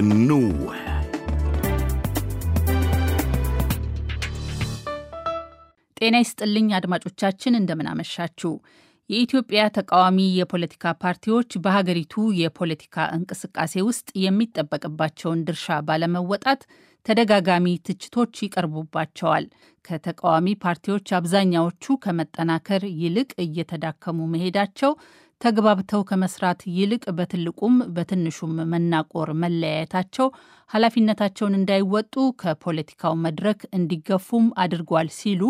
النوح ጤና ይስጥልኝ አድማጮቻችን፣ እንደምናመሻችሁ። የኢትዮጵያ ተቃዋሚ የፖለቲካ ፓርቲዎች በሀገሪቱ የፖለቲካ እንቅስቃሴ ውስጥ የሚጠበቅባቸውን ድርሻ ባለመወጣት ተደጋጋሚ ትችቶች ይቀርቡባቸዋል። ከተቃዋሚ ፓርቲዎች አብዛኛዎቹ ከመጠናከር ይልቅ እየተዳከሙ መሄዳቸው ተግባብተው ከመስራት ይልቅ በትልቁም በትንሹም መናቆር፣ መለያየታቸው ኃላፊነታቸውን እንዳይወጡ ከፖለቲካው መድረክ እንዲገፉም አድርጓል ሲሉ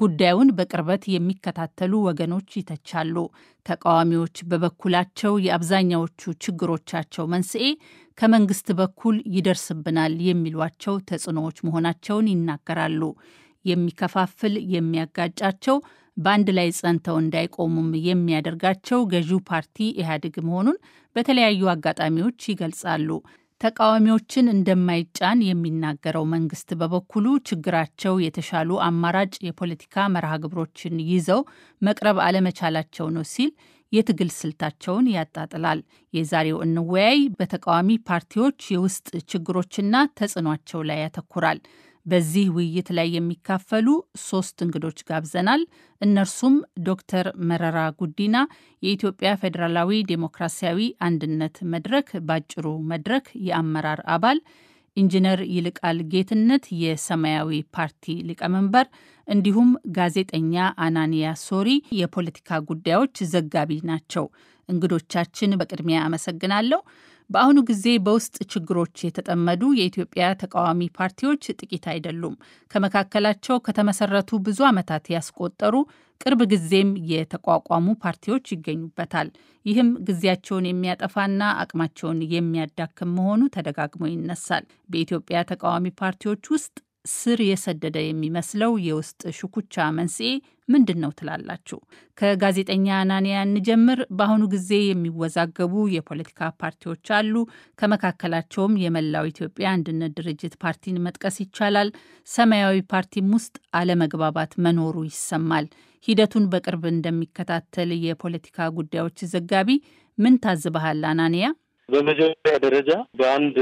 ጉዳዩን በቅርበት የሚከታተሉ ወገኖች ይተቻሉ። ተቃዋሚዎች በበኩላቸው የአብዛኛዎቹ ችግሮቻቸው መንስኤ ከመንግስት በኩል ይደርስብናል የሚሏቸው ተጽዕኖዎች መሆናቸውን ይናገራሉ። የሚከፋፍል የሚያጋጫቸው በአንድ ላይ ጸንተው እንዳይቆሙም የሚያደርጋቸው ገዢው ፓርቲ ኢህአዴግ መሆኑን በተለያዩ አጋጣሚዎች ይገልጻሉ። ተቃዋሚዎችን እንደማይጫን የሚናገረው መንግስት በበኩሉ ችግራቸው የተሻሉ አማራጭ የፖለቲካ መርሃ ግብሮችን ይዘው መቅረብ አለመቻላቸው ነው ሲል የትግል ስልታቸውን ያጣጥላል። የዛሬው እንወያይ በተቃዋሚ ፓርቲዎች የውስጥ ችግሮችና ተጽዕኗቸው ላይ ያተኩራል። በዚህ ውይይት ላይ የሚካፈሉ ሶስት እንግዶች ጋብዘናል። እነርሱም ዶክተር መረራ ጉዲና የኢትዮጵያ ፌዴራላዊ ዴሞክራሲያዊ አንድነት መድረክ ባጭሩ መድረክ የአመራር አባል፣ ኢንጂነር ይልቃል ጌትነት የሰማያዊ ፓርቲ ሊቀመንበር፣ እንዲሁም ጋዜጠኛ አናንያ ሶሪ የፖለቲካ ጉዳዮች ዘጋቢ ናቸው። እንግዶቻችን በቅድሚያ አመሰግናለሁ። በአሁኑ ጊዜ በውስጥ ችግሮች የተጠመዱ የኢትዮጵያ ተቃዋሚ ፓርቲዎች ጥቂት አይደሉም። ከመካከላቸው ከተመሰረቱ ብዙ ዓመታት ያስቆጠሩ ቅርብ ጊዜም የተቋቋሙ ፓርቲዎች ይገኙበታል። ይህም ጊዜያቸውን የሚያጠፋና አቅማቸውን የሚያዳክም መሆኑ ተደጋግሞ ይነሳል። በኢትዮጵያ ተቃዋሚ ፓርቲዎች ውስጥ ስር የሰደደ የሚመስለው የውስጥ ሽኩቻ መንስኤ ምንድን ነው ትላላችሁ? ከጋዜጠኛ አናንያ እንጀምር። በአሁኑ ጊዜ የሚወዛገቡ የፖለቲካ ፓርቲዎች አሉ። ከመካከላቸውም የመላው ኢትዮጵያ አንድነት ድርጅት ፓርቲን መጥቀስ ይቻላል። ሰማያዊ ፓርቲም ውስጥ አለመግባባት መኖሩ ይሰማል። ሂደቱን በቅርብ እንደሚከታተል የፖለቲካ ጉዳዮች ዘጋቢ ምን ታዝበሃል አናንያ? በመጀመሪያ ደረጃ በአንድ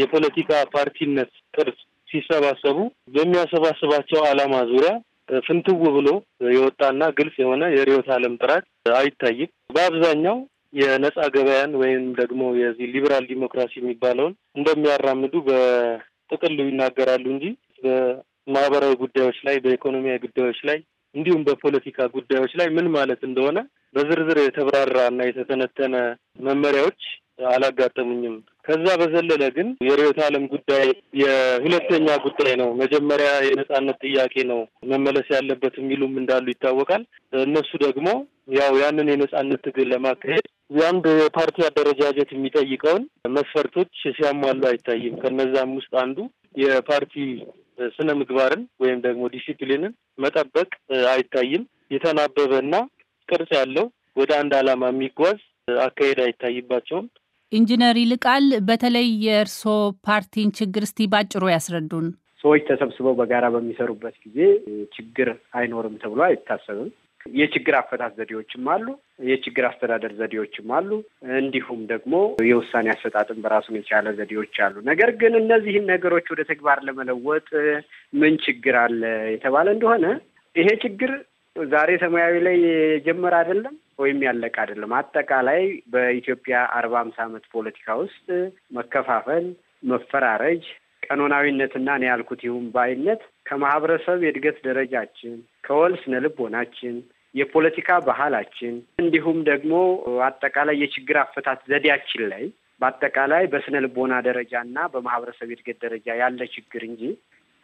የፖለቲካ ፓርቲነት ቅርጽ ሲሰባሰቡ በሚያሰባስባቸው ዓላማ ዙሪያ ፍንትው ብሎ የወጣና ግልጽ የሆነ የርዕዮተ ዓለም ጥራት አይታይም። በአብዛኛው የነጻ ገበያን ወይም ደግሞ የዚህ ሊበራል ዲሞክራሲ የሚባለውን እንደሚያራምዱ በጥቅሉ ይናገራሉ እንጂ በማህበራዊ ጉዳዮች ላይ፣ በኢኮኖሚያዊ ጉዳዮች ላይ እንዲሁም በፖለቲካ ጉዳዮች ላይ ምን ማለት እንደሆነ በዝርዝር የተብራራ እና የተተነተነ መመሪያዎች አላጋጠሙኝም። ከዛ በዘለለ ግን የርዕዮተ ዓለም ጉዳይ የሁለተኛ ጉዳይ ነው። መጀመሪያ የነጻነት ጥያቄ ነው መመለስ ያለበት የሚሉም እንዳሉ ይታወቃል። እነሱ ደግሞ ያው ያንን የነጻነት ትግል ለማካሄድ የአንድ የፓርቲ አደረጃጀት የሚጠይቀውን መስፈርቶች ሲያሟሉ አይታይም። ከነዛም ውስጥ አንዱ የፓርቲ ስነ ምግባርን ወይም ደግሞ ዲሲፕሊንን መጠበቅ አይታይም። የተናበበ ና ቅርጽ ያለው ወደ አንድ ዓላማ የሚጓዝ አካሄድ አይታይባቸውም። ኢንጂነር ይልቃል፣ በተለይ የእርሶ ፓርቲን ችግር እስቲ ባጭሩ ያስረዱን። ሰዎች ተሰብስበው በጋራ በሚሰሩበት ጊዜ ችግር አይኖርም ተብሎ አይታሰብም። የችግር አፈታት ዘዴዎችም አሉ፣ የችግር አስተዳደር ዘዴዎችም አሉ። እንዲሁም ደግሞ የውሳኔ አሰጣጥን በራሱን የቻለ ዘዴዎች አሉ። ነገር ግን እነዚህን ነገሮች ወደ ተግባር ለመለወጥ ምን ችግር አለ የተባለ እንደሆነ ይሄ ችግር ዛሬ ሰማያዊ ላይ የጀመረ አይደለም። ወይም ያለቀ አይደለም። አጠቃላይ በኢትዮጵያ አርባ አምስት ዓመት ፖለቲካ ውስጥ መከፋፈል፣ መፈራረጅ፣ ቀኖናዊነትና እኔ ያልኩት ይሁን ባይነት ከማህበረሰብ የእድገት ደረጃችን ከወል ስነ ልቦናችን የፖለቲካ ባህላችን እንዲሁም ደግሞ አጠቃላይ የችግር አፈታት ዘዴያችን ላይ በአጠቃላይ በስነ ልቦና ደረጃ እና በማህበረሰብ የእድገት ደረጃ ያለ ችግር እንጂ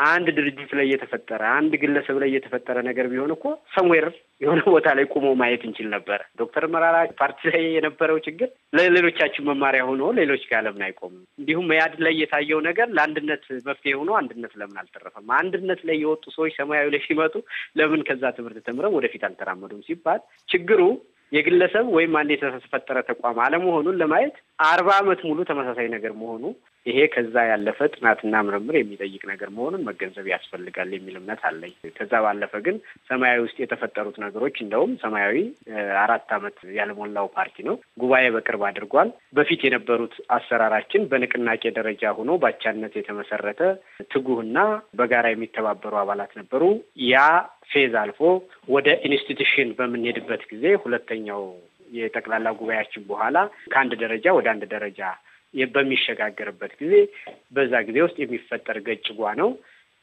አንድ ድርጅት ላይ እየተፈጠረ አንድ ግለሰብ ላይ እየተፈጠረ ነገር ቢሆን እኮ ሰምዌር የሆነ ቦታ ላይ ቁሞ ማየት እንችል ነበረ። ዶክተር መራራ ፓርቲ ላይ የነበረው ችግር ለሌሎቻችን መማሪያ ሆኖ ሌሎች ጋር ለምን አይቆምም? እንዲሁም መያድ ላይ የታየው ነገር ለአንድነት መፍትሄ ሆኖ አንድነት ለምን አልተረፈም? አንድነት ላይ የወጡ ሰዎች ሰማያዊ ላይ ሲመጡ ለምን ከዛ ትምህርት ተምረን ወደፊት አልተራመዱም ሲባል ችግሩ የግለሰብ ወይም አንድ የተፈጠረ ተቋም አለመሆኑን ለማየት አርባ ዓመት ሙሉ ተመሳሳይ ነገር መሆኑ ይሄ ከዛ ያለፈ ጥናትና ምርምር የሚጠይቅ ነገር መሆኑን መገንዘብ ያስፈልጋል የሚል እምነት አለኝ። ከዛ ባለፈ ግን ሰማያዊ ውስጥ የተፈጠሩት ነገሮች እንደውም ሰማያዊ አራት ዓመት ያልሞላው ፓርቲ ነው። ጉባኤ በቅርብ አድርጓል። በፊት የነበሩት አሰራራችን በንቅናቄ ደረጃ ሆኖ ባቻነት የተመሰረተ ትጉህና በጋራ የሚተባበሩ አባላት ነበሩ። ያ ፌዝ አልፎ ወደ ኢንስቲትዩሽን በምንሄድበት ጊዜ ሁለተኛው የጠቅላላ ጉባኤያችን በኋላ ከአንድ ደረጃ ወደ አንድ ደረጃ በሚሸጋገርበት ጊዜ በዛ ጊዜ ውስጥ የሚፈጠር ገጭጓ ነው።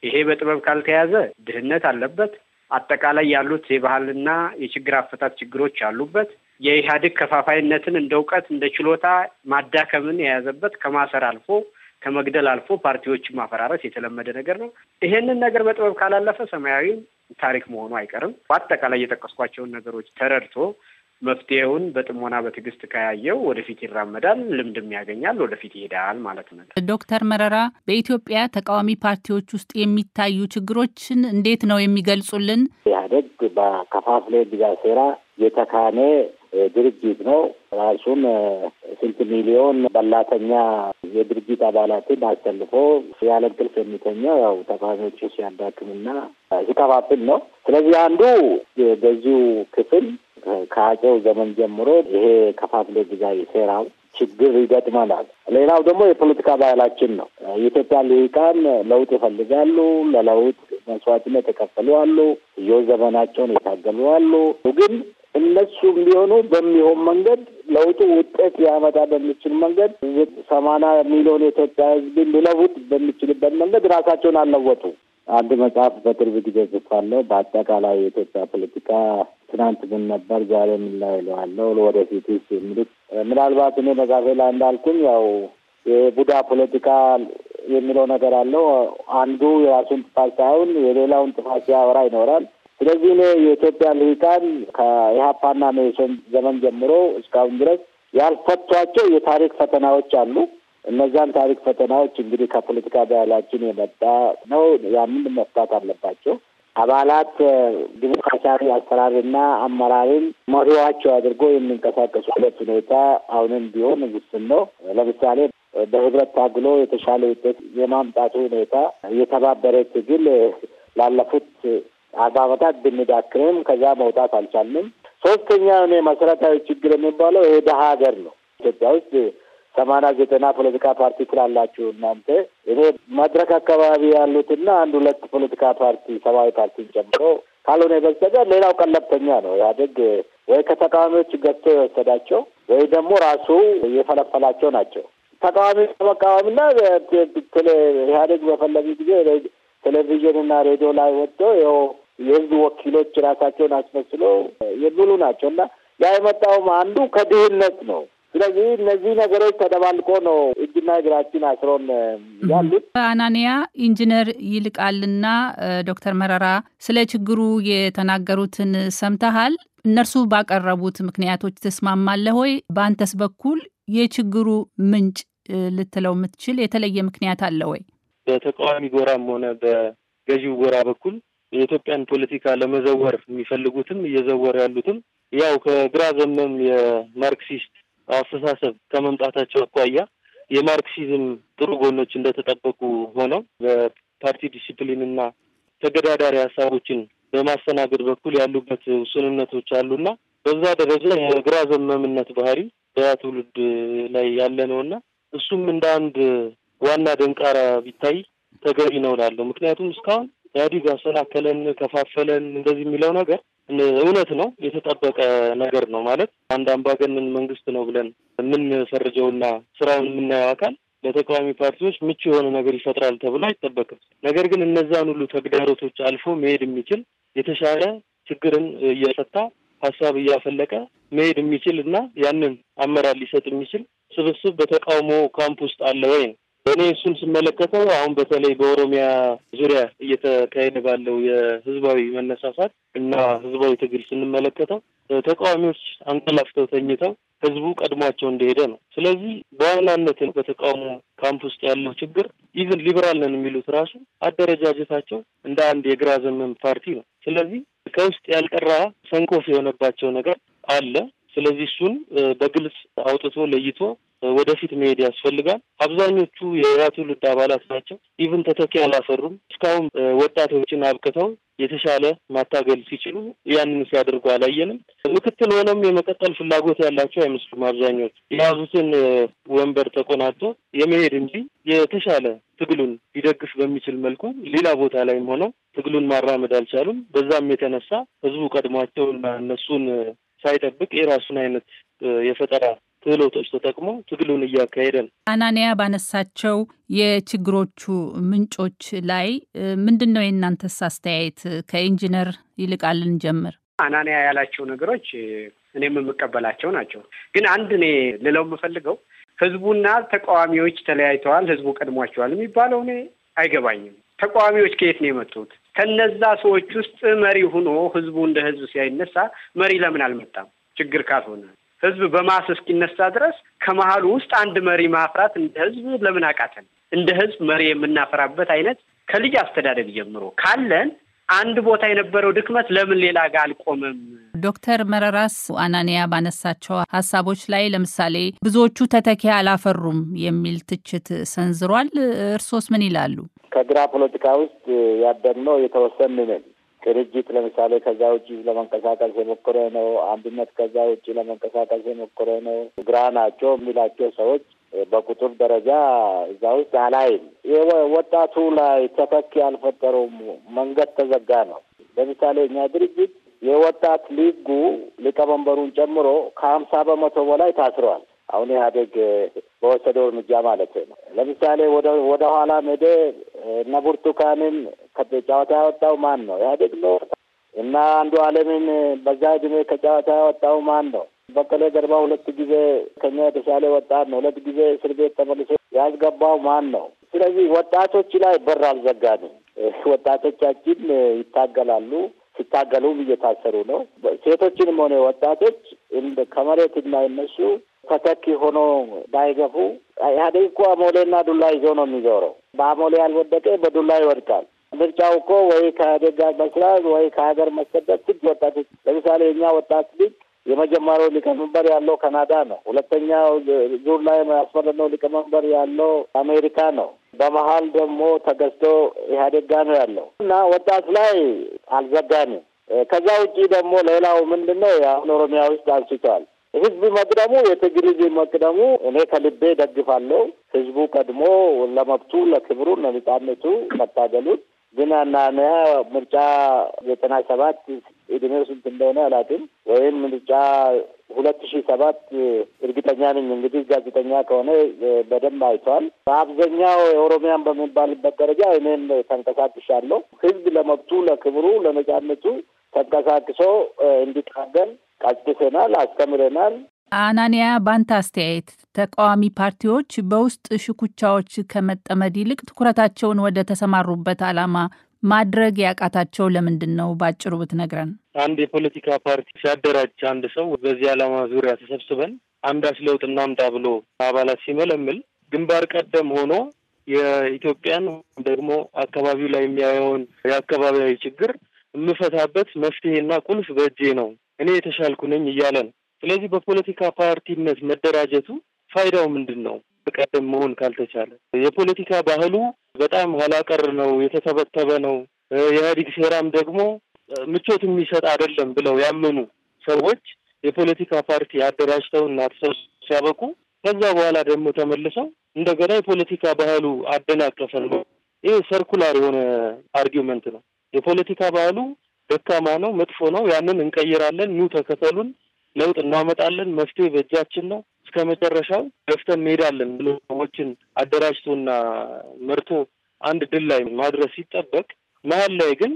ይሄ በጥበብ ካልተያዘ ድህነት አለበት። አጠቃላይ ያሉት የባህልና የችግር አፈታት ችግሮች አሉበት። የኢህአዴግ ከፋፋይነትን እንደ እውቀት እንደ ችሎታ ማዳከምን የያዘበት ከማሰር አልፎ ከመግደል አልፎ ፓርቲዎችን ማፈራረስ የተለመደ ነገር ነው። ይሄንን ነገር በጥበብ ካላለፈ ሰማያዊ ታሪክ መሆኑ አይቀርም። በአጠቃላይ የጠቀስኳቸውን ነገሮች ተረድቶ መፍትሄውን በጥሞና በትዕግስት ከያየው ወደፊት ይራመዳል፣ ልምድም ያገኛል፣ ወደፊት ይሄዳል ማለት ነው። ዶክተር መረራ በኢትዮጵያ ተቃዋሚ ፓርቲዎች ውስጥ የሚታዩ ችግሮችን እንዴት ነው የሚገልጹልን? ኢህአዴግ በከፋፍሌ ግዛ ሴራ ድርጅት ነው። ራሱን ስንት ሚሊዮን በላተኛ የድርጅት አባላትን አሰልፎ ያለ እንቅልፍ የሚተኛው ያው ተቃዋሚዎች ሲያዳክምና ሲከፋፍል ነው። ስለዚህ አንዱ የገዢው ክፍል ከአጼው ዘመን ጀምሮ ይሄ ከፋፍለ ግዛዊ ሴራው ችግር ይገጥመናል። ሌላው ደግሞ የፖለቲካ ባህላችን ነው። የኢትዮጵያ ልሂቃን ለውጥ ይፈልጋሉ። ለለውጥ መስዋዕትነት የከፈሉ አሉ። ዮ ዘመናቸውን የታገሉ አሉ። ግን እነሱም ቢሆኑ በሚሆን መንገድ ለውጡ ውጤት ሊያመጣ በሚችል መንገድ ሰማና ሚሊዮን የኢትዮጵያ ህዝብ ሊለውጥ በሚችልበት መንገድ ራሳቸውን አልለወጡ። አንድ መጽሐፍ በቅርብ ጊዜ ጽፋለሁ። በአጠቃላይ የኢትዮጵያ ፖለቲካ ትናንት ምን ነበር፣ ዛሬ ምን ላይ ይለዋለሁ፣ ወደፊት የሚሉት ምናልባት እኔ መጽሐፌ ላይ እንዳልኩኝ ያው የቡዳ ፖለቲካ የሚለው ነገር አለው። አንዱ የራሱን ጥፋት ሳይሆን የሌላውን ጥፋት ሲያወራ ይኖራል። ስለዚህ እኔ የኢትዮጵያ ልሂቃን ከኢህአፓና መኢሶን ዘመን ጀምሮ እስካሁን ድረስ ያልፈቷቸው የታሪክ ፈተናዎች አሉ። እነዛን ታሪክ ፈተናዎች እንግዲህ ከፖለቲካ ባህላችን የመጣ ነው። ያንን መፍታት አለባቸው። አባላት ዲሞክራሲያዊ አሰራርና አመራርን መሪዋቸው አድርጎ የሚንቀሳቀሱበት ሁኔታ አሁንም ቢሆን ውስን ነው። ለምሳሌ በህብረት ታግሎ የተሻለ ውጤት የማምጣቱ ሁኔታ የተባበረ ትግል ላለፉት አርባ አባበታት ብንዳክምም ከዛ መውጣት አልቻልንም። ሶስተኛ እኔ መሰረታዊ ችግር የሚባለው ይሄ ደሀ ሀገር ነው። ኢትዮጵያ ውስጥ ሰማና ዘጠና ፖለቲካ ፓርቲ ትላላችሁ እናንተ እኔ መድረክ አካባቢ ያሉትና አንድ ሁለት ፖለቲካ ፓርቲ ሰማያዊ ፓርቲን ጨምሮ ካልሆነ በስተቀር ሌላው ቀለብተኛ ነው። ኢህአዴግ ወይ ከተቃዋሚዎች ገዝቶ የወሰዳቸው ወይ ደግሞ ራሱ የፈለፈላቸው ናቸው። ተቃዋሚ በመቃወምና ኢህአዴግ በፈለገ ጊዜ ቴሌቪዥንና ሬዲዮ ላይ ወጥቶ ይኸው የህዝብ ወኪሎች ራሳቸውን አስመስለው የሚሉ ናቸው እና ያ የመጣውም አንዱ ከድህነት ነው። ስለዚህ እነዚህ ነገሮች ተደባልቆ ነው እጅና እግራችን አስሮን ያሉት። አናንያ ኢንጂነር ይልቃልና ዶክተር መረራ ስለ ችግሩ የተናገሩትን ሰምተሃል። እነርሱ ባቀረቡት ምክንያቶች ትስማማለህ ወይ? በአንተስ በኩል የችግሩ ምንጭ ልትለው የምትችል የተለየ ምክንያት አለ ወይ? በተቃዋሚ ጎራም ሆነ በገዢው ጎራ በኩል የኢትዮጵያን ፖለቲካ ለመዘወር የሚፈልጉትም እየዘወሩ ያሉትም ያው ከግራ ዘመም የማርክሲስት አስተሳሰብ ከመምጣታቸው አኳያ የማርክሲዝም ጥሩ ጎኖች እንደተጠበቁ ሆነው በፓርቲ ዲሲፕሊንና ተገዳዳሪ ሀሳቦችን በማስተናገድ በኩል ያሉበት ውስንነቶች አሉና በዛ ደረጃ የግራ ዘመምነት ባህሪ ትውልድ ላይ ያለ ነው እና እሱም እንደ አንድ ዋና ደንቃራ ቢታይ ተገቢ ነው ላለው ምክንያቱም እስካሁን ኢህአዲግ አሰናከለን፣ ከፋፈለን እንደዚህ የሚለው ነገር እውነት ነው፣ የተጠበቀ ነገር ነው ማለት አንድ አምባገነን መንግስት ነው ብለን የምንፈርጀውና ስራውን የምናየው አካል ለተቃዋሚ ፓርቲዎች ምቹ የሆነ ነገር ይፈጥራል ተብሎ አይጠበቅም። ነገር ግን እነዛን ሁሉ ተግዳሮቶች አልፎ መሄድ የሚችል የተሻለ ችግርን እየፈታ ሀሳብ እያፈለቀ መሄድ የሚችል እና ያንን አመራር ሊሰጥ የሚችል ስብስብ በተቃውሞ ካምፕ ውስጥ አለ ወይ ነው እኔ እሱን ስመለከተው አሁን በተለይ በኦሮሚያ ዙሪያ እየተካሄደ ባለው የህዝባዊ መነሳሳት እና ህዝባዊ ትግል ስንመለከተው ተቃዋሚዎች አንቀላፍተው ተኝተው ህዝቡ ቀድሟቸው እንደሄደ ነው። ስለዚህ በዋናነት በተቃውሞ ካምፕ ውስጥ ያለው ችግር ኢቭን ሊበራል ነን የሚሉት ራሱ አደረጃጀታቸው እንደ አንድ የግራ ዘመም ፓርቲ ነው። ስለዚህ ከውስጥ ያልጠራ ሰንኮፍ የሆነባቸው ነገር አለ። ስለዚህ እሱን በግልጽ አውጥቶ ለይቶ ወደፊት መሄድ ያስፈልጋል። አብዛኞቹ የያ ትውልድ አባላት ናቸው። ኢቭን ተተኪ አላፈሩም። እስካሁን ወጣቶችን አብቅተው የተሻለ ማታገል ሲችሉ ያንን ሲያደርጉ አላየንም። ምክትል ሆነም የመቀጠል ፍላጎት ያላቸው አይመስሉም። አብዛኞቹ የያዙትን ወንበር ተቆናቶ የመሄድ እንጂ የተሻለ ትግሉን ሊደግፍ በሚችል መልኩ ሌላ ቦታ ላይም ሆነው ትግሉን ማራመድ አልቻሉም። በዛም የተነሳ ህዝቡ ቀድሟቸውና እነሱን ሳይጠብቅ የራሱን አይነት የፈጠራ ክህሎቶች ተጠቅሞ ትግሉን እያካሄደ ነው። አናንያ ባነሳቸው የችግሮቹ ምንጮች ላይ ምንድን ነው የእናንተስ አስተያየት? ከኢንጂነር ይልቃልን ጀምር? አናንያ ያላቸው ነገሮች እኔም የምቀበላቸው ናቸው። ግን አንድ እኔ ልለው የምፈልገው ህዝቡና ተቃዋሚዎች ተለያይተዋል፣ ህዝቡ ቀድሟቸዋል የሚባለው እኔ አይገባኝም። ተቃዋሚዎች ከየት ነው የመጡት? ከነዛ ሰዎች ውስጥ መሪ ሆኖ ህዝቡ እንደ ህዝብ ሲያይነሳ መሪ ለምን አልመጣም? ችግር ካልሆነ ህዝብ በማስ እስኪነሳ ድረስ ከመሀሉ ውስጥ አንድ መሪ ማፍራት እንደ ህዝብ ለምን አቃተን? እንደ ህዝብ መሪ የምናፈራበት አይነት ከልጅ አስተዳደግ ጀምሮ ካለን አንድ ቦታ የነበረው ድክመት ለምን ሌላ ጋር አልቆመም? ዶክተር መረራስ አናንያ ባነሳቸው ሀሳቦች ላይ ለምሳሌ ብዙዎቹ ተተኪ አላፈሩም የሚል ትችት ሰንዝሯል። እርሶስ ምን ይላሉ? ከግራ ፖለቲካ ውስጥ ያደግነው የተወሰንን ድርጅት ለምሳሌ ከዛ ውጭ ለመንቀሳቀስ የሞከረ ነው። አንድነት ከዛ ውጭ ለመንቀሳቀስ የሞከረ ነው። ግራ ናቸው የሚላቸው ሰዎች በቁጥር ደረጃ እዛ ውስጥ አላይም። ወጣቱ ላይ ተፈኪ አልፈጠሩም። መንገድ ተዘጋ ነው። ለምሳሌ እኛ ድርጅት የወጣት ሊጉ ሊቀመንበሩን ጨምሮ ከሀምሳ በመቶ በላይ ታስረዋል። አሁን ኢህአዴግ በወሰደው እርምጃ ማለት ነው። ለምሳሌ ወደ ኋላ ሄደ እነ ብርቱካንን ከጨዋታ ያወጣው ማን ነው? ኢህአዴግ ነው እና አንዱ አለምን በዛ እድሜ ከጨዋታ ያወጣው ማን ነው? በቀለ ገርባ ሁለት ጊዜ ከኛ የተሻለ ወጣት ነው። ሁለት ጊዜ እስር ቤት ተመልሶ ያስገባው ማን ነው? ስለዚህ ወጣቶች ላይ በር አልዘጋንም። ወጣቶቻችን ይታገላሉ፣ ሲታገሉም እየታሰሩ ነው። ሴቶችንም ሆነ ወጣቶች ከመሬት እንዳይነሱ ተተኪ ሆኖ እንዳይገፉ። ኢህአዴግ እኮ አሞሌና ዱላ ይዞ ነው የሚዞረው። በአሞሌ ያልወደቀ በዱላ ይወድቃል። ምርጫው እኮ ወይ ከኢህአዴግ መስላል ወይ ከሀገር መሰደት። ስንት ወጣቶች ለምሳሌ የኛ ወጣት ልጅ የመጀመሪያው ሊቀመንበር ያለው ካናዳ ነው። ሁለተኛው ዙር ላይ ያስፈረነው ሊቀመንበር ያለው አሜሪካ ነው። በመሀል ደግሞ ተገዝቶ ኢህአዴግ ጋር ነው ያለው እና ወጣት ላይ አልዘጋንም። ከዛ ውጪ ደግሞ ሌላው ምንድን ነው አሁን ኦሮሚያ ውስጥ አንስቷል። ህዝብ መቅደሙ የትግል ህዝብ መቅደሙ እኔ ከልቤ ደግፋለሁ። ህዝቡ ቀድሞ ለመብቱ ለክብሩ ለነጻነቱ መታገሉት ግን አናነ ምርጫ ዘጠና ሰባት እድሜው ስንት እንደሆነ አላውቅም። ወይም ምርጫ ሁለት ሺህ ሰባት እርግጠኛ ነኝ። እንግዲህ ጋዜጠኛ ከሆነ በደንብ አይቷል። በአብዛኛው የኦሮሚያን በሚባልበት ደረጃ እኔም ተንቀሳቅሻለሁ። ህዝብ ለመብቱ ለክብሩ፣ ለነጻነቱ ተንቀሳቅሶ እንዲታገል ቀስቅሰናል፣ አስተምረናል። አናንያ ባንታ አስተያየት ተቃዋሚ ፓርቲዎች በውስጥ ሽኩቻዎች ከመጠመድ ይልቅ ትኩረታቸውን ወደ ተሰማሩበት ዓላማ ማድረግ ያቃታቸው ለምንድን ነው? ባጭሩ ብትነግረን። አንድ የፖለቲካ ፓርቲ ሲያደራጅ አንድ ሰው በዚህ ዓላማ ዙሪያ ተሰብስበን አንዳች ለውጥ እናምጣ ብሎ አባላት ሲመለምል ግንባር ቀደም ሆኖ የኢትዮጵያን ደግሞ አካባቢው ላይ የሚያየውን የአካባቢያዊ ችግር የምፈታበት መፍትሄና ቁልፍ በእጄ ነው እኔ የተሻልኩ ነኝ እያለ ነው። ስለዚህ በፖለቲካ ፓርቲነት መደራጀቱ ፋይዳው ምንድን ነው? በቀደም መሆን ካልተቻለ የፖለቲካ ባህሉ በጣም ኋላቀር ነው፣ የተተበተበ ነው። የኢህአዴግ ሴራም ደግሞ ምቾት የሚሰጥ አይደለም ብለው ያመኑ ሰዎች የፖለቲካ ፓርቲ አደራጅተው እና ሲያበቁ ከዛ በኋላ ደግሞ ተመልሰው እንደገና የፖለቲካ ባህሉ አደናቀፈን። ይህ ሰርኩላር የሆነ አርጊመንት ነው። የፖለቲካ ባህሉ ደካማ ነው፣ መጥፎ ነው፣ ያንን እንቀይራለን፣ ኑ ተከተሉን ለውጥ እናመጣለን፣ መፍትሄ በእጃችን ነው፣ እስከ መጨረሻው ገፍተን እንሄዳለን ብሎ ሰዎችን አደራጅቶና መርቶ አንድ ድል ላይ ማድረስ ሲጠበቅ መሀል ላይ ግን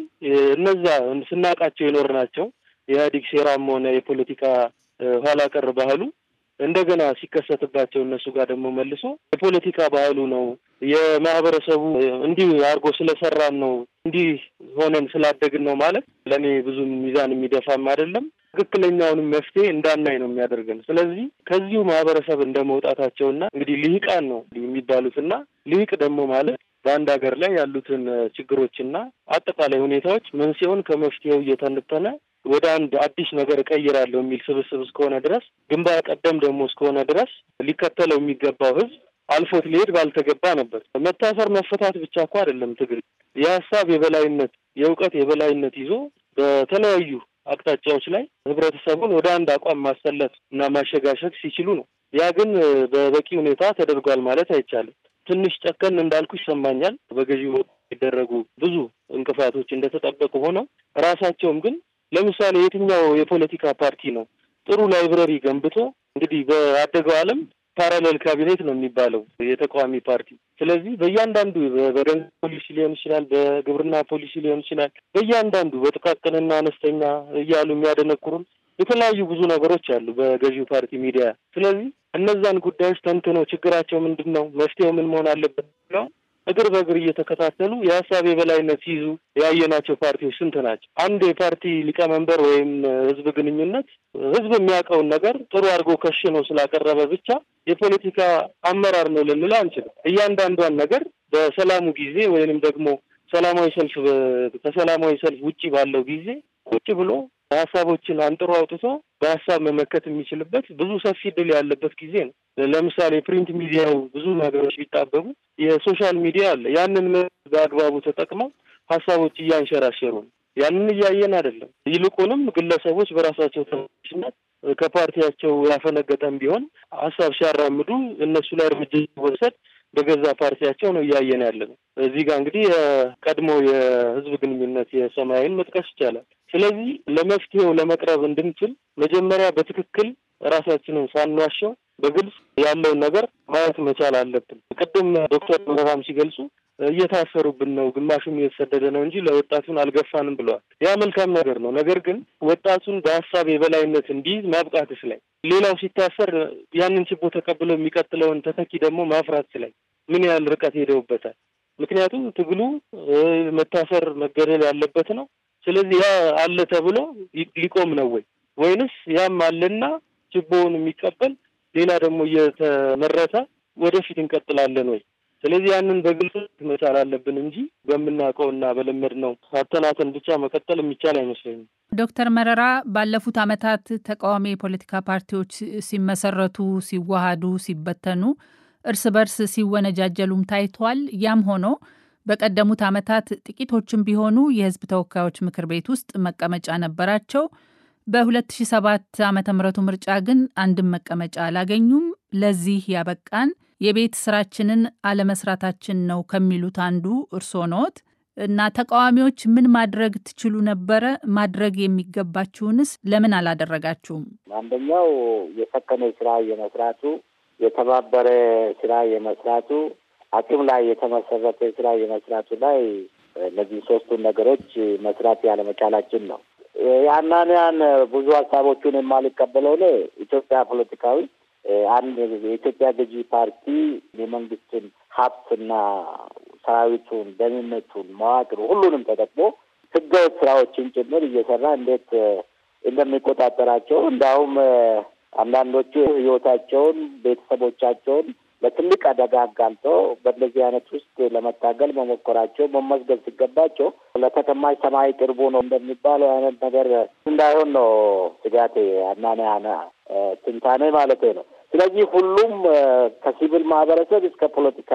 እነዛ ስናውቃቸው የኖር ናቸው የኢህአዴግ ሴራም ሆነ የፖለቲካ ኋላ ቀር ባህሉ እንደገና ሲከሰትባቸው እነሱ ጋር ደግሞ መልሶ የፖለቲካ ባህሉ ነው የማህበረሰቡ እንዲህ አድርጎ ስለሰራን ነው እንዲህ ሆነን ስላደግን ነው ማለት ለእኔ ብዙ ሚዛን የሚደፋም አይደለም። ትክክለኛውንም መፍትሄ እንዳናይ ነው የሚያደርገን። ስለዚህ ከዚሁ ማህበረሰብ እንደ መውጣታቸውና እንግዲህ ልሂቃን ነው የሚባሉትና ልሂቅ ደግሞ ማለት በአንድ ሀገር ላይ ያሉትን ችግሮችና አጠቃላይ ሁኔታዎች መንስኤውን ከመፍትሄው እየተነተነ ወደ አንድ አዲስ ነገር እቀይራለሁ የሚል ስብስብ እስከሆነ ድረስ ግንባር ቀደም ደግሞ እስከሆነ ድረስ ሊከተለው የሚገባው ህዝብ አልፎት ሊሄድ ባልተገባ ነበር። መታሰር መፈታት ብቻ እኮ አይደለም ትግል የሀሳብ የበላይነት የእውቀት የበላይነት ይዞ በተለያዩ አቅጣጫዎች ላይ ህብረተሰቡን ወደ አንድ አቋም ማሰለፍ እና ማሸጋሸግ ሲችሉ ነው። ያ ግን በበቂ ሁኔታ ተደርጓል ማለት አይቻልም። ትንሽ ጨከን እንዳልኩ ይሰማኛል። በገዢው የሚደረጉ ብዙ እንቅፋቶች እንደተጠበቁ ሆነው ራሳቸውም ግን ለምሳሌ የትኛው የፖለቲካ ፓርቲ ነው ጥሩ ላይብረሪ ገንብቶ እንግዲህ በአደገው ዓለም ፓራሌል ካቢኔት ነው የሚባለው የተቃዋሚ ፓርቲ። ስለዚህ በእያንዳንዱ በደንብ ፖሊሲ ሊሆን ይችላል፣ በግብርና ፖሊሲ ሊሆን ይችላል። በእያንዳንዱ በጥቃቅንና አነስተኛ እያሉ የሚያደነቁሩን የተለያዩ ብዙ ነገሮች አሉ በገዢው ፓርቲ ሚዲያ። ስለዚህ እነዛን ጉዳዮች ተንትኖ ችግራቸው ምንድን ነው፣ መፍትሄው ምን መሆን አለበት ነው እግር በእግር እየተከታተሉ የሀሳብ የበላይነት ሲይዙ ያየናቸው ፓርቲዎች ስንት ናቸው? አንድ የፓርቲ ሊቀመንበር ወይም ህዝብ ግንኙነት ህዝብ የሚያውቀውን ነገር ጥሩ አድርጎ ከሽኖ ስላቀረበ ብቻ የፖለቲካ አመራር ነው ልንል አንችልም። እያንዳንዷን ነገር በሰላሙ ጊዜ ወይንም ደግሞ ሰላማዊ ሰልፍ ከሰላማዊ ሰልፍ ውጭ ባለው ጊዜ ቁጭ ብሎ ሀሳቦችን አንጥሮ አውጥቶ በሀሳብ መመከት የሚችልበት ብዙ ሰፊ ድል ያለበት ጊዜ ነው። ለምሳሌ ፕሪንት ሚዲያው ብዙ ነገሮች ቢጣበቡ የሶሻል ሚዲያ አለ። ያንን በአግባቡ ተጠቅመው ሀሳቦች እያንሸራሸሩ ነው። ያንን እያየን አይደለም። ይልቁንም ግለሰቦች በራሳቸው ተነሳሽነት ከፓርቲያቸው ያፈነገጠም ቢሆን ሀሳብ ሲያራምዱ እነሱ ላይ እርምጃ ሲወሰድ በገዛ ፓርቲያቸው ነው እያየን ያለ ነው። እዚህ ጋር እንግዲህ የቀድሞ የህዝብ ግንኙነት የሰማያዊን መጥቀስ ይቻላል። ስለዚህ ለመፍትሄው ለመቅረብ እንድንችል መጀመሪያ በትክክል ራሳችንን ሳንዋሸው በግልጽ ያለውን ነገር ማየት መቻል አለብን። ቅድም ዶክተር ኖረፋም ሲገልጹ እየታሰሩብን ነው፣ ግማሹም እየተሰደደ ነው እንጂ ለወጣቱን አልገፋንም ብለዋል። ያ መልካም ነገር ነው። ነገር ግን ወጣቱን በሀሳብ የበላይነት እንዲይዝ ማብቃት ስላይ፣ ሌላው ሲታሰር ያንን ችቦ ተቀብሎ የሚቀጥለውን ተተኪ ደግሞ ማፍራት ስላይ፣ ምን ያህል ርቀት ሄደውበታል? ምክንያቱም ትግሉ መታሰር መገደል ያለበት ነው። ስለዚህ ያ አለ ተብሎ ሊቆም ነው ወይ ወይንስ ያም አለና ችቦውን የሚቀበል ሌላ ደግሞ እየተመረተ ወደፊት እንቀጥላለን ወይ? ስለዚህ ያንን በግልጽ መቻል አለብን እንጂ በለመድ ነው አተናተን ብቻ መቀጠል የሚቻል አይመስለኝም። ዶክተር መረራ ባለፉት ዓመታት ተቃዋሚ የፖለቲካ ፓርቲዎች ሲመሰረቱ፣ ሲዋሃዱ፣ ሲበተኑ እርስ በርስ ሲወነጃጀሉም ታይቷል። ያም ሆኖ በቀደሙት ዓመታት ጥቂቶችም ቢሆኑ የህዝብ ተወካዮች ምክር ቤት ውስጥ መቀመጫ ነበራቸው። በ2007 ዓ ም ምርጫ ግን አንድም መቀመጫ አላገኙም። ለዚህ ያበቃን የቤት ስራችንን አለመስራታችን ነው ከሚሉት አንዱ እርስዎ ኖት እና ተቃዋሚዎች ምን ማድረግ ትችሉ ነበረ? ማድረግ የሚገባችሁንስ ለምን አላደረጋችሁም? አንደኛው የሰከነ ስራ የመስራቱ፣ የተባበረ ስራ የመስራቱ፣ አቅም ላይ የተመሰረተ ስራ የመስራቱ ላይ እነዚህ ሶስቱን ነገሮች መስራት ያለመቻላችን ነው። የአናንያን ብዙ ሀሳቦቹን የማልቀበለው እኔ ኢትዮጵያ ፖለቲካዊ አንድ የኢትዮጵያ ገዢ ፓርቲ የመንግስትን ሀብትና ሰራዊቱን፣ ደህንነቱን፣ መዋቅሩ ሁሉንም ተጠቅሞ ህገወጥ ስራዎችን ጭምር እየሰራ እንዴት እንደሚቆጣጠራቸው እንዲያውም አንዳንዶቹ ህይወታቸውን ቤተሰቦቻቸውን ለትልቅ አደጋ አጋልጦ በእንደዚህ አይነት ውስጥ ለመታገል መሞከራቸው መመዝገብ ሲገባቸው ለተቀማጭ ሰማይ ቅርቡ ነው እንደሚባለው አይነት ነገር እንዳይሆን ነው ስጋቴ። አናኔ አና ትንታኔ ማለት ነው። ስለዚህ ሁሉም ከሲቪል ማህበረሰብ እስከ ፖለቲካ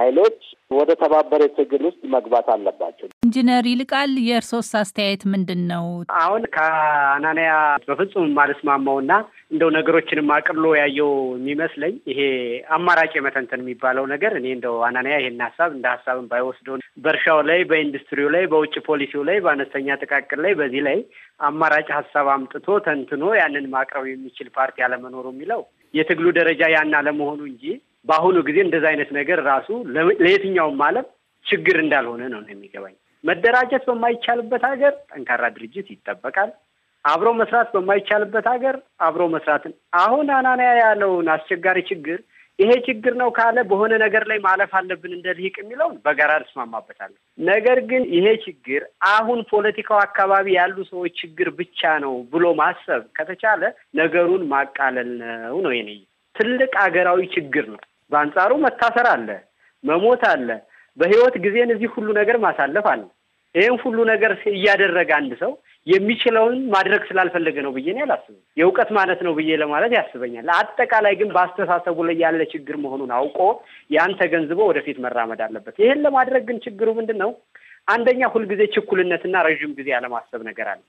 ኃይሎች ወደ ተባበረ ትግል ውስጥ መግባት አለባቸው። ኢንጂነር ይልቃል የእርሶስ አስተያየት ምንድን ነው? አሁን ከአናንያ በፍጹም ማልስማማውና እንደው ነገሮችንም አቅሎ ያየው የሚመስለኝ ይሄ አማራጭ የመተንተን የሚባለው ነገር እኔ እንደው አናንያ ይሄን ሀሳብ እንደ ሀሳብን ባይወስደው በእርሻው ላይ፣ በኢንዱስትሪው ላይ፣ በውጭ ፖሊሲው ላይ፣ በአነስተኛ ጥቃቅን ላይ በዚህ ላይ አማራጭ ሀሳብ አምጥቶ ተንትኖ ያንን ማቅረብ የሚችል ፓርቲ አለመኖሩ የሚለው የትግሉ ደረጃ ያን አለመሆኑ እንጂ በአሁኑ ጊዜ እንደዛ አይነት ነገር ራሱ ለየትኛውም ዓለም ችግር እንዳልሆነ ነው የሚገባኝ። መደራጀት በማይቻልበት ሀገር ጠንካራ ድርጅት ይጠበቃል። አብሮ መስራት በማይቻልበት ሀገር አብሮ መስራትን አሁን አናንያ ያለውን አስቸጋሪ ችግር ይሄ ችግር ነው ካለ በሆነ ነገር ላይ ማለፍ አለብን እንደ ልሂቅ የሚለውን በጋራ እንስማማበታለን። ነገር ግን ይሄ ችግር አሁን ፖለቲካው አካባቢ ያሉ ሰዎች ችግር ብቻ ነው ብሎ ማሰብ ከተቻለ ነገሩን ማቃለል ነው ነው የኔ ትልቅ አገራዊ ችግር ነው። በአንጻሩ መታሰር አለ፣ መሞት አለ፣ በህይወት ጊዜን እዚህ ሁሉ ነገር ማሳለፍ አለ። ይህን ሁሉ ነገር እያደረገ አንድ ሰው የሚችለውን ማድረግ ስላልፈለገ ነው ብዬ ነው የእውቀት ማለት ነው ብዬ ለማለት ያስበኛል። አጠቃላይ ግን በአስተሳሰቡ ላይ ያለ ችግር መሆኑን አውቆ ያን ተገንዝቦ ወደፊት መራመድ አለበት። ይህን ለማድረግ ግን ችግሩ ምንድን ነው? አንደኛ ሁልጊዜ ችኩልነትና ረዥም ጊዜ ያለማሰብ ነገር አለ።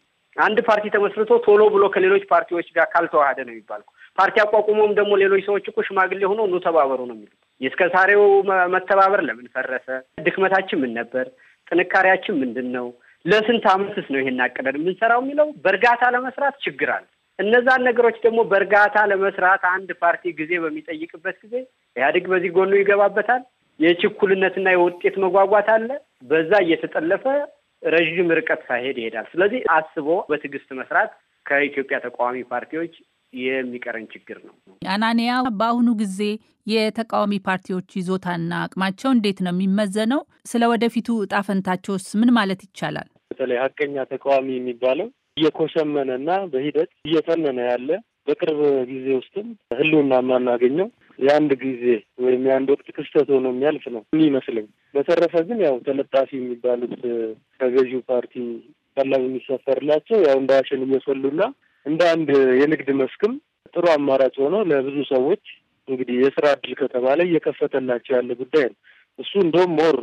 አንድ ፓርቲ ተመስርቶ ቶሎ ብሎ ከሌሎች ፓርቲዎች ጋር ካልተዋሃደ ነው የሚባል ፓርቲ አቋቁሞም ደግሞ ሌሎች ሰዎች እኮ ሽማግሌ ሆኖ ኑ ተባበሩ ነው የሚሉት የእስከ ዛሬው መተባበር ለምን ፈረሰ? ድክመታችን ምን ነበር? ጥንካሬያችን ምንድን ነው? ለስንት ዓመትስ ነው ይሄን አቅደን የምንሰራው የሚለው በእርጋታ ለመስራት ችግር አለ። እነዛን ነገሮች ደግሞ በእርጋታ ለመስራት አንድ ፓርቲ ጊዜ በሚጠይቅበት ጊዜ ኢህአዴግ በዚህ ጎኑ ይገባበታል። የችኩልነትና የውጤት መጓጓት አለ። በዛ እየተጠለፈ ረዥም ርቀት ሳይሄድ ይሄዳል። ስለዚህ አስቦ በትዕግስት መስራት ከኢትዮጵያ ተቃዋሚ ፓርቲዎች የሚቀረን ችግር ነው። አናንያ፣ በአሁኑ ጊዜ የተቃዋሚ ፓርቲዎች ይዞታና አቅማቸው እንዴት ነው የሚመዘነው? ስለ ወደፊቱ እጣ ፈንታቸውስ ምን ማለት ይቻላል? በተለይ ሀቀኛ ተቃዋሚ የሚባለው እየኮሸመነ እየኮሰመነና በሂደት እየፈነነ ያለ በቅርብ ጊዜ ውስጥም ህልውና የማናገኘው የአንድ ጊዜ ወይም የአንድ ወቅት ክስተት ሆኖ የሚያልፍ ነው የሚመስለኝ። በተረፈ ግን ያው ተለጣፊ የሚባሉት ከገዢው ፓርቲ ቀላም የሚሰፈርላቸው ያው እንደ አሸን እየፈሉና እንደ አንድ የንግድ መስክም ጥሩ አማራጭ ሆኖ ለብዙ ሰዎች እንግዲህ የስራ እድል ከተባለ እየከፈተላቸው ያለ ጉዳይ ነው። እሱ እንደውም ሞር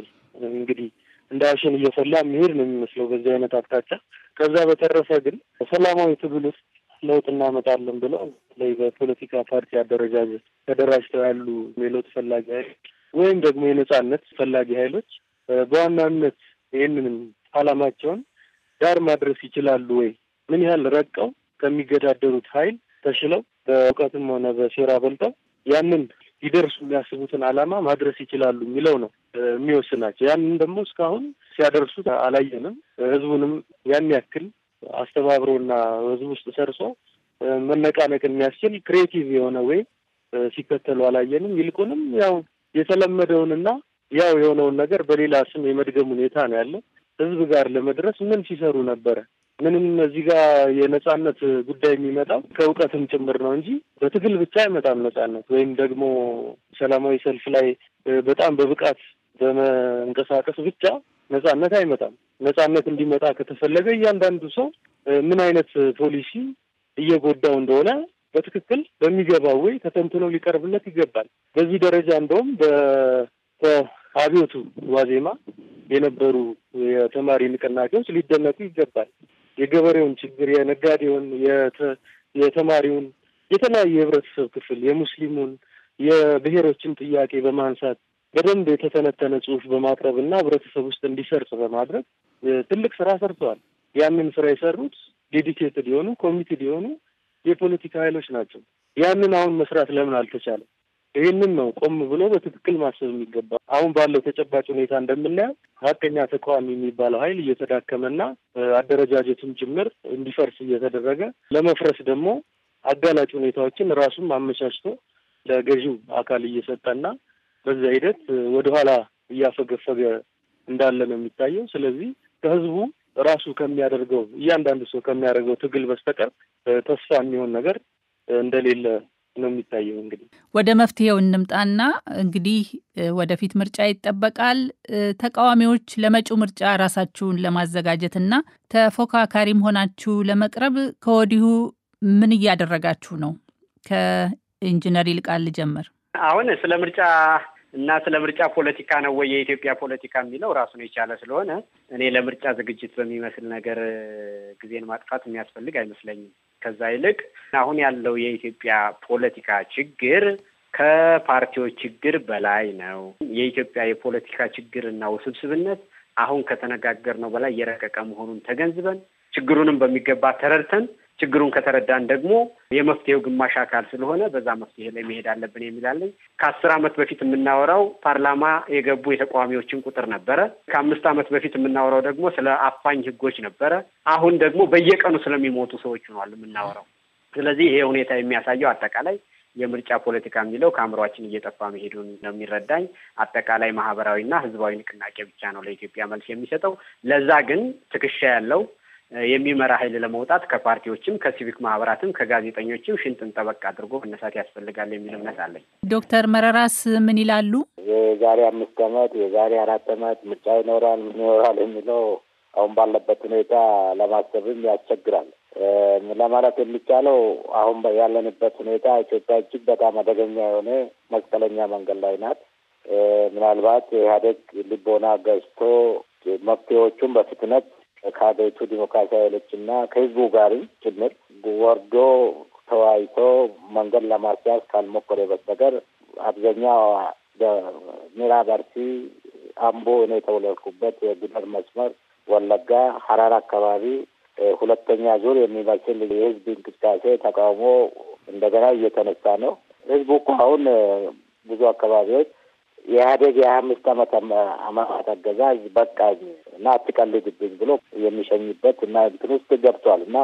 እንግዲህ እንደ አሸን እየፈላ የሚሄድ ነው የሚመስለው በዚህ አይነት አቅጣጫ። ከዛ በተረፈ ግን ሰላማዊ ትግል ውስጥ ለውጥ እናመጣለን ብለው በተለይ በፖለቲካ ፓርቲ አደረጃጀት ተደራጅተው ያሉ የለውጥ ፈላጊ ኃይሎች ወይም ደግሞ የነጻነት ፈላጊ ኃይሎች በዋናነት ይህንንም አላማቸውን ዳር ማድረስ ይችላሉ ወይ? ምን ያህል ረቀው ከሚገዳደሩት ኃይል ተሽለው በእውቀትም ሆነ በሴራ በልጠው ያንን ሊደርሱ የሚያስቡትን ዓላማ ማድረስ ይችላሉ የሚለው ነው የሚወስናቸው። ያንን ደግሞ እስካሁን ሲያደርሱት አላየንም። ህዝቡንም ያን ያክል አስተባብሮና ህዝብ ውስጥ ሰርጾ መነቃነቅ የሚያስችል ክሬቲቭ የሆነ ወይ ሲከተሉ አላየንም። ይልቁንም ያው የተለመደውንና ያው የሆነውን ነገር በሌላ ስም የመድገም ሁኔታ ነው ያለ። ህዝብ ጋር ለመድረስ ምን ሲሰሩ ነበረ? ምንም እዚህ ጋር የነጻነት ጉዳይ የሚመጣው ከእውቀትም ጭምር ነው እንጂ በትግል ብቻ አይመጣም። ነጻነት ወይም ደግሞ ሰላማዊ ሰልፍ ላይ በጣም በብቃት በመንቀሳቀስ ብቻ ነጻነት አይመጣም። ነጻነት እንዲመጣ ከተፈለገ እያንዳንዱ ሰው ምን አይነት ፖሊሲ እየጎዳው እንደሆነ በትክክል በሚገባው ወይ ተተንትኖ ሊቀርብለት ይገባል። በዚህ ደረጃ እንደውም በአብዮቱ ዋዜማ የነበሩ የተማሪ ንቅናቄዎች ሊደነቁ ይገባል። የገበሬውን ችግር፣ የነጋዴውን፣ የተማሪውን፣ የተለያዩ የህብረተሰብ ክፍል የሙስሊሙን፣ የብሔሮችን ጥያቄ በማንሳት በደንብ የተተነተነ ጽሁፍ በማቅረብ እና ህብረተሰብ ውስጥ እንዲሰርጽ በማድረግ ትልቅ ስራ ሰርተዋል። ያንን ስራ የሰሩት ዴዲኬትድ የሆኑ ኮሚቴድ የሆኑ የፖለቲካ ኃይሎች ናቸው። ያንን አሁን መስራት ለምን አልተቻለም? ይህንን ነው ቆም ብሎ በትክክል ማሰብ የሚገባ። አሁን ባለው ተጨባጭ ሁኔታ እንደምናየው ሀቀኛ ተቃዋሚ የሚባለው ኃይል እየተዳከመና አደረጃጀቱም ጭምር እንዲፈርስ እየተደረገ ለመፍረስ ደግሞ አጋላጭ ሁኔታዎችን ራሱም አመቻችቶ ለገዢው አካል እየሰጠና በዛ ሂደት ወደኋላ እያፈገፈገ እንዳለ ነው የሚታየው። ስለዚህ ከህዝቡ ራሱ ከሚያደርገው እያንዳንዱ ሰው ከሚያደርገው ትግል በስተቀር ተስፋ የሚሆን ነገር እንደሌለ ነው የሚታየው። እንግዲህ ወደ መፍትሄው እንምጣና እንግዲህ ወደፊት ምርጫ ይጠበቃል። ተቃዋሚዎች ለመጪው ምርጫ ራሳችሁን ለማዘጋጀትና ተፎካካሪም ሆናችሁ ለመቅረብ ከወዲሁ ምን እያደረጋችሁ ነው? ከኢንጂነር ይልቃል ልጀምር። አሁን ስለ ምርጫ እና ስለ ምርጫ ፖለቲካ ነው ወይ የኢትዮጵያ ፖለቲካ የሚለው ራሱን የቻለ ስለሆነ እኔ ለምርጫ ዝግጅት በሚመስል ነገር ጊዜን ማጥፋት የሚያስፈልግ አይመስለኝም። ከዛ ይልቅ አሁን ያለው የኢትዮጵያ ፖለቲካ ችግር ከፓርቲዎች ችግር በላይ ነው። የኢትዮጵያ የፖለቲካ ችግር እና ውስብስብነት አሁን ከተነጋገርነው በላይ የረቀቀ መሆኑን ተገንዝበን ችግሩንም በሚገባ ተረድተን ችግሩን ከተረዳን ደግሞ የመፍትሄው ግማሽ አካል ስለሆነ በዛ መፍትሄ ላይ መሄድ አለብን የሚላለኝ። ከአስር ዓመት በፊት የምናወራው ፓርላማ የገቡ የተቃዋሚዎችን ቁጥር ነበረ። ከአምስት ዓመት በፊት የምናወራው ደግሞ ስለ አፋኝ ህጎች ነበረ። አሁን ደግሞ በየቀኑ ስለሚሞቱ ሰዎች ሆኗል የምናወራው። ስለዚህ ይሄ ሁኔታ የሚያሳየው አጠቃላይ የምርጫ ፖለቲካ የሚለው ከአእምሯችን እየጠፋ መሄዱን ነው የሚረዳኝ። አጠቃላይ ማህበራዊና ህዝባዊ ንቅናቄ ብቻ ነው ለኢትዮጵያ መልስ የሚሰጠው። ለዛ ግን ትከሻ ያለው የሚመራ ኃይል ለመውጣት ከፓርቲዎችም፣ ከሲቪክ ማህበራትም፣ ከጋዜጠኞችም ሽንጥን ጠበቅ አድርጎ መነሳት ያስፈልጋል የሚል እምነት አለኝ። ዶክተር መረራስ ምን ይላሉ? የዛሬ አምስት ዓመት የዛሬ አራት ዓመት ምርጫ ይኖራል ምን ይኖራል የሚለው አሁን ባለበት ሁኔታ ለማሰብም ያስቸግራል። ለማለት የሚቻለው አሁን ያለንበት ሁኔታ ኢትዮጵያ እጅግ በጣም አደገኛ የሆነ መስቀለኛ መንገድ ላይ ናት። ምናልባት ኢህአዴግ ልቦና ገዝቶ መፍትሄዎቹን በፍጥነት ከሀገሪቱ ዲሞክራሲያዊ ኃይሎችና ከህዝቡ ጋርም ጭምር ወርዶ ተወያይቶ መንገድ ለማስያዝ ካልሞከረ በስተቀር አብዛኛው ምዕራብ አርሲ፣ አምቦ፣ እኔ የተወለድኩበት የጉደር መስመር፣ ወለጋ፣ ሀራር አካባቢ ሁለተኛ ዙር የሚመስል የህዝብ እንቅስቃሴ ተቃውሞ እንደገና እየተነሳ ነው። ህዝቡ እኮ አሁን ብዙ አካባቢዎች የኢህአዴግ የአምስት አመት አማራት አገዛዝ በቃኝ እና አትቀልድብኝ ብሎ የሚሸኝበት እና እንትን ውስጥ ገብቷል እና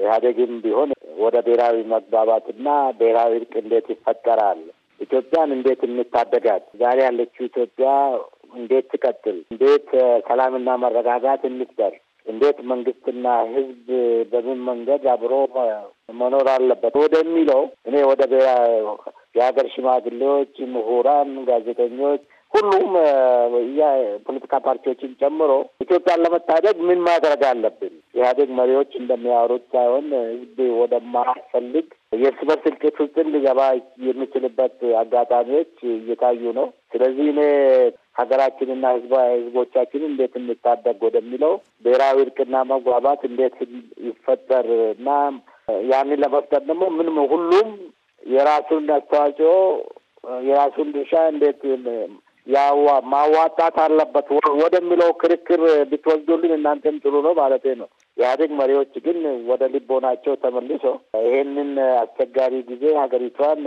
ኢህአዴግም ቢሆን ወደ ብሔራዊ መግባባትና ብሔራዊ እርቅ እንዴት ይፈጠራል፣ ኢትዮጵያን እንዴት እንታደጋት፣ ዛሬ ያለችው ኢትዮጵያ እንዴት ትቀጥል፣ እንዴት ሰላምና መረጋጋት እንፍጠር፣ እንዴት መንግስትና ህዝብ በምን መንገድ አብሮ መኖር አለበት ወደሚለው እኔ ወደ ብሔራዊ የሀገር ሽማግሌዎች፣ ምሁራን፣ ጋዜጠኞች ሁሉም የፖለቲካ ፓርቲዎችን ጨምሮ ኢትዮጵያን ለመታደግ ምን ማድረግ አለብን? ኢህአዴግ መሪዎች እንደሚያወሩት ሳይሆን ህዝብ ወደማፈልግ የእርስ በርስ እልቂት ሊገባ የሚችልበት አጋጣሚዎች እየታዩ ነው። ስለዚህ እኔ ሀገራችንና ህዝባ እንዴት እንታደግ ወደሚለው ብሔራዊ እርቅና መግባባት እንዴት ይፈጠር እና ያንን ለመፍጠር ደግሞ ምንም ሁሉም የራሱን አስተዋጽኦ የራሱን ድርሻ እንዴት ያዋ ማዋጣት አለበት ወደሚለው ክርክር ብትወስዱልን እናንተም ጥሩ ነው ማለት ነው። ኢህአዴግ መሪዎች ግን ወደ ልቦናቸው ተመልሶ ይሄንን አስቸጋሪ ጊዜ ሀገሪቷን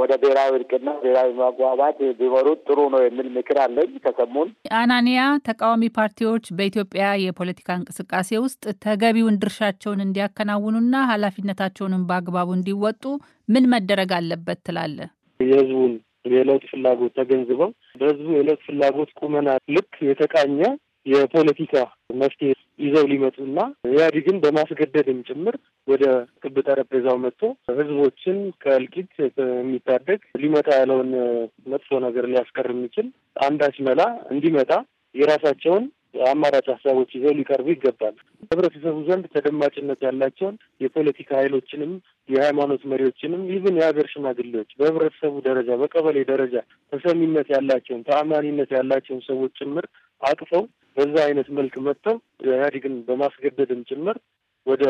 ወደ ብሔራዊ እርቅና ብሔራዊ መግባባት ቢመሩት ጥሩ ነው የሚል ምክር አለኝ። ከሰሙን አናንያ ተቃዋሚ ፓርቲዎች በኢትዮጵያ የፖለቲካ እንቅስቃሴ ውስጥ ተገቢውን ድርሻቸውን እንዲያከናውኑና ኃላፊነታቸውንም በአግባቡ እንዲወጡ ምን መደረግ አለበት ትላለ? የህዝቡን የለውጥ ፍላጎት ተገንዝበው በህዝቡ የለውጥ ፍላጎት ቁመና ልክ የተቃኘ የፖለቲካ መፍትሄ ይዘው ሊመጡና ኢህአዴግን በማስገደድም ጭምር ወደ ክብ ጠረጴዛው መጥቶ ህዝቦችን ከእልቂት የሚታደግ ሊመጣ ያለውን መጥፎ ነገር ሊያስቀር የሚችል አንዳች መላ እንዲመጣ የራሳቸውን አማራጭ ሀሳቦች ይዘው ሊቀርቡ ይገባል። ህብረተሰቡ ዘንድ ተደማጭነት ያላቸውን የፖለቲካ ኃይሎችንም የሃይማኖት መሪዎችንም ይብን የሀገር ሽማግሌዎች በህብረተሰቡ ደረጃ በቀበሌ ደረጃ ተሰሚነት ያላቸውን ተአማኒነት ያላቸውን ሰዎች ጭምር አቅፈው በዛ አይነት መልክ መጥተው ኢህአዴግን በማስገደድም ጭምር ወደ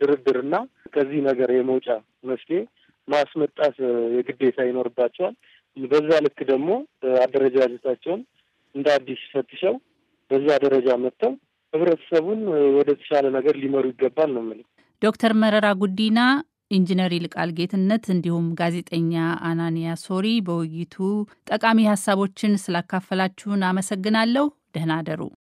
ድርድርና ከዚህ ነገር የመውጫ መፍትሄ ማስመጣት የግዴታ ይኖርባቸዋል። በዛ ልክ ደግሞ አደረጃጀታቸውን እንደ አዲስ ፈትሸው በዛ ደረጃ መጥተው ህብረተሰቡን ወደ ተሻለ ነገር ሊመሩ ይገባል ነው የምልህ። ዶክተር መረራ ጉዲና፣ ኢንጂነር ይልቃል ጌትነት እንዲሁም ጋዜጠኛ አናንያ ሶሪ በውይይቱ ጠቃሚ ሀሳቦችን ስላካፈላችሁን አመሰግናለሁ። ደህና አደሩ።